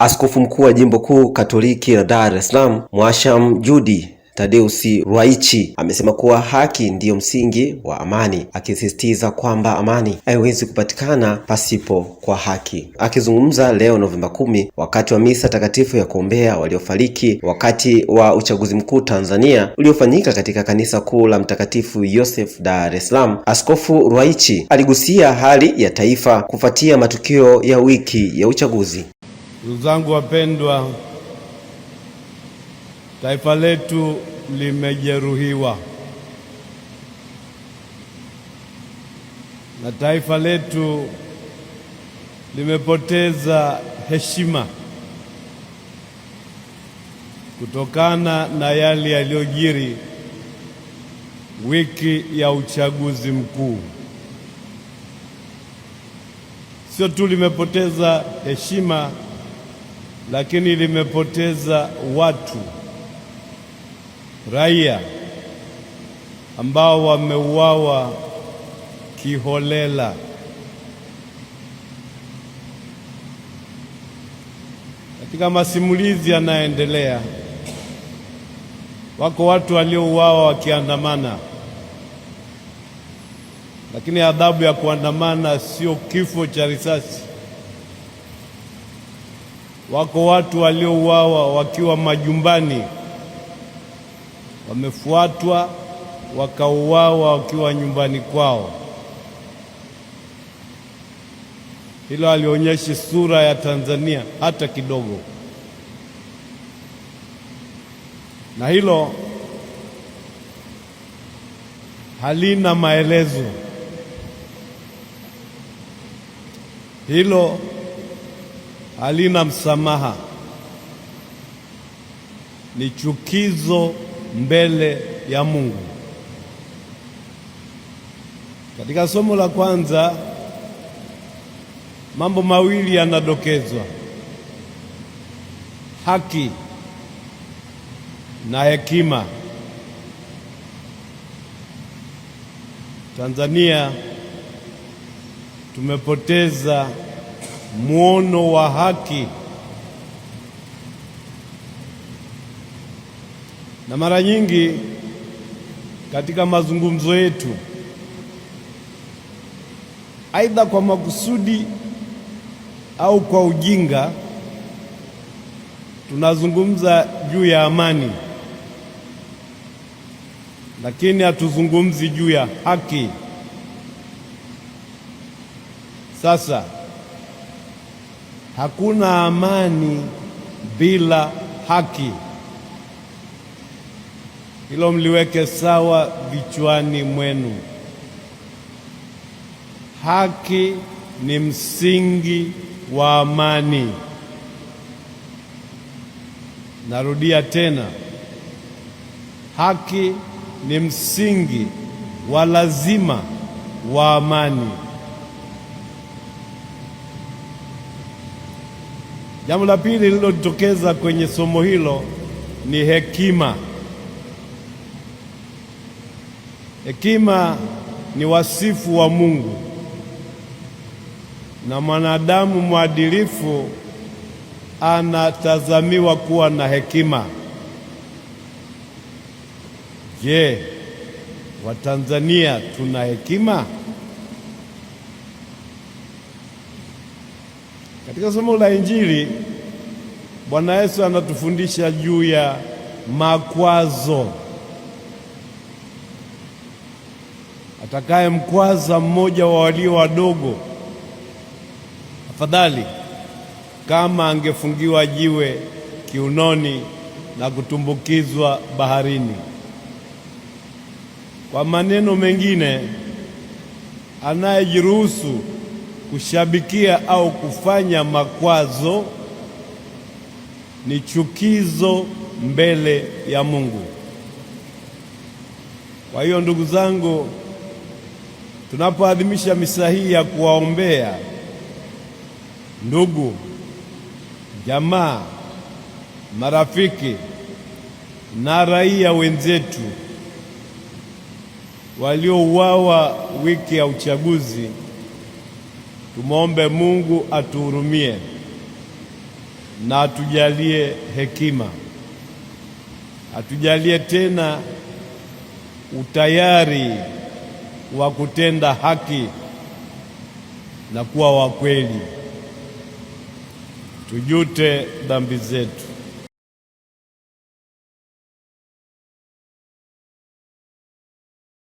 Askofu mkuu wa jimbo kuu Katoliki la Dar es Salaam Mwasham judi tadeusi Ruwa'ichi amesema kuwa haki ndiyo msingi wa amani, akisisitiza kwamba amani haiwezi kupatikana pasipo kwa haki. Akizungumza leo Novemba kumi wakati wa misa takatifu ya kuombea waliofariki wakati wa uchaguzi mkuu Tanzania uliofanyika katika kanisa kuu la Mtakatifu Yosef Dar es Salaam, Askofu Ruwa'ichi aligusia hali ya taifa kufuatia matukio ya wiki ya uchaguzi. Ndugu zangu wapendwa, taifa letu limejeruhiwa na taifa letu limepoteza heshima kutokana na yale yaliyojiri wiki ya uchaguzi mkuu. Sio tu limepoteza heshima lakini limepoteza watu raia ambao wameuawa kiholela. Katika masimulizi yanayoendelea, wako watu waliouawa wakiandamana, lakini adhabu ya kuandamana sio kifo cha risasi Wako watu waliouawa wakiwa majumbani, wamefuatwa wakauawa wakiwa nyumbani kwao. Hilo alionyeshi sura ya Tanzania hata kidogo, na hilo halina maelezo hilo halina msamaha, ni chukizo mbele ya Mungu. Katika somo la kwanza, mambo mawili yanadokezwa: haki na hekima. Tanzania tumepoteza muono wa haki. Na mara nyingi katika mazungumzo yetu, aidha kwa makusudi au kwa ujinga, tunazungumza juu ya amani, lakini hatuzungumzi juu ya haki. Sasa Hakuna amani bila haki. Hilo mliweke sawa vichwani mwenu. Haki ni msingi wa amani. Narudia tena, haki ni msingi wa lazima wa amani. Jambo la pili lililojitokeza kwenye somo hilo ni hekima. Hekima ni wasifu wa Mungu, na mwanadamu mwadilifu anatazamiwa kuwa na hekima. Je, Watanzania tuna hekima? Katika somo la Injili Bwana Yesu anatufundisha juu ya makwazo. Atakayemkwaza mmoja wa walio wadogo, afadhali kama angefungiwa jiwe kiunoni na kutumbukizwa baharini. Kwa maneno mengine, anayejiruhusu kushabikia au kufanya makwazo ni chukizo mbele ya Mungu. Kwa hiyo ndugu zangu, tunapoadhimisha misa hii ya kuwaombea ndugu, jamaa, marafiki na raia wenzetu waliouawa wiki ya uchaguzi Tumwombe Mungu atuhurumie na atujalie hekima, atujalie tena utayari wa kutenda haki na kuwa wa kweli, tujute dhambi zetu.